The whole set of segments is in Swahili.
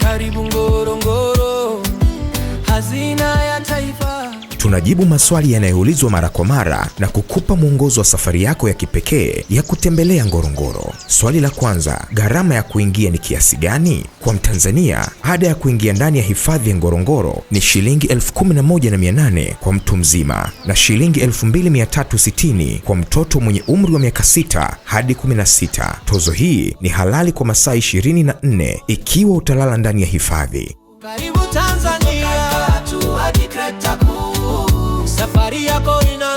Karibu Tunajibu maswali yanayoulizwa mara kwa mara na kukupa mwongozo wa safari yako ya kipekee ya kutembelea Ngorongoro. Swali la kwanza, gharama ya kuingia ni kiasi gani? Kwa Mtanzania, ada ya kuingia ndani ya hifadhi ya Ngorongoro ni shilingi 11,800 kwa mtu mzima na shilingi 2,360 kwa mtoto mwenye umri wa miaka 6 hadi 16. Tozo hii ni halali kwa masaa 24 ikiwa utalala ndani ya hifadhi.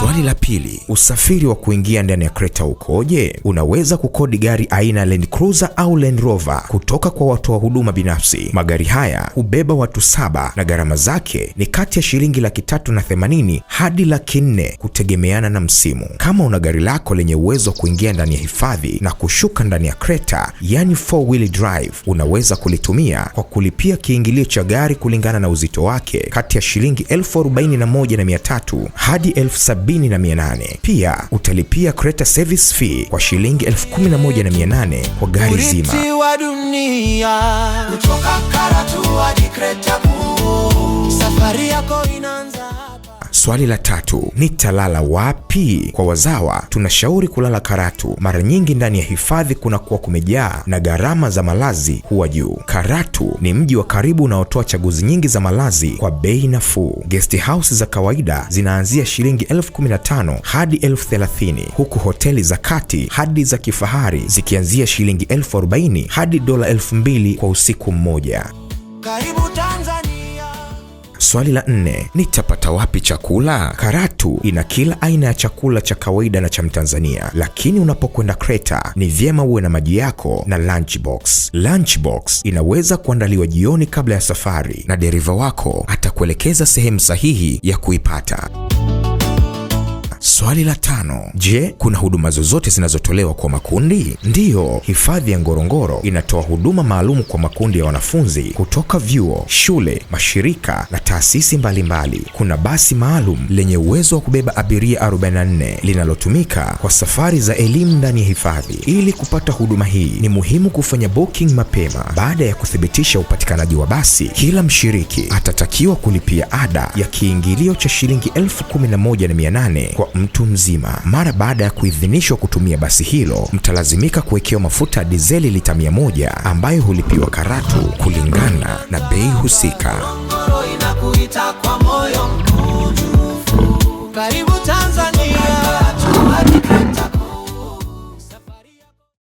Swali la pili, usafiri wa kuingia ndani ya Creta ukoje? Unaweza kukodi gari aina Land Cruiser au Land Rover kutoka kwa watoa wa huduma binafsi. Magari haya hubeba watu saba na gharama zake ni kati ya shilingi laki tatu na themanini hadi laki nne kutegemeana na msimu. Kama una gari lako lenye uwezo wa kuingia ndani ya hifadhi na kushuka ndani ya Creta, yani four wheel drive, unaweza kulitumia kwa kulipia kiingilio cha gari kulingana na uzito wake kati ya shilingi elfu arobaini na moja na mia tatu hadi elfu sabini 70800. Pia utalipia creator service fee kwa shilingi 11800 kwa gari zima. wa dunia kutoka Karatu Safari yako inaanza. Swali la tatu, nitalala wapi? Kwa wazawa tunashauri kulala Karatu. Mara nyingi ndani ya hifadhi kunakuwa kumejaa na gharama za malazi huwa juu. Karatu ni mji wa karibu unaotoa chaguzi nyingi za malazi kwa bei nafuu. Guest house za kawaida zinaanzia shilingi elfu kumi na tano hadi elfu thelathini huku hoteli za kati hadi za kifahari zikianzia shilingi elfu arobaini hadi dola elfu mbili kwa usiku mmoja. Karibu Tanzania. Swali la nne, nitapata wapi chakula? Karatu ina kila aina ya chakula cha kawaida na cha Mtanzania, lakini unapokwenda Kreta ni vyema uwe na maji yako na lunchbox. Lunchbox inaweza kuandaliwa jioni kabla ya safari na dereva wako atakuelekeza sehemu sahihi ya kuipata. Swali la tano: je, kuna huduma zozote zinazotolewa kwa makundi? Ndiyo, hifadhi ya Ngorongoro inatoa huduma maalum kwa makundi ya wanafunzi kutoka vyuo, shule, mashirika na taasisi mbalimbali mbali. Kuna basi maalum lenye uwezo wa kubeba abiria 44 linalotumika kwa safari za elimu ndani ya hifadhi. Ili kupata huduma hii, ni muhimu kufanya booking mapema. Baada ya kuthibitisha upatikanaji wa basi, kila mshiriki atatakiwa kulipia ada ya kiingilio cha shilingi elfu kumi na moja na mia nane kwa mtu mtu mzima. Mara baada ya kuidhinishwa kutumia basi hilo, mtalazimika kuwekewa mafuta ya dizeli lita mia moja ambayo hulipiwa karatu kulingana na bei husika.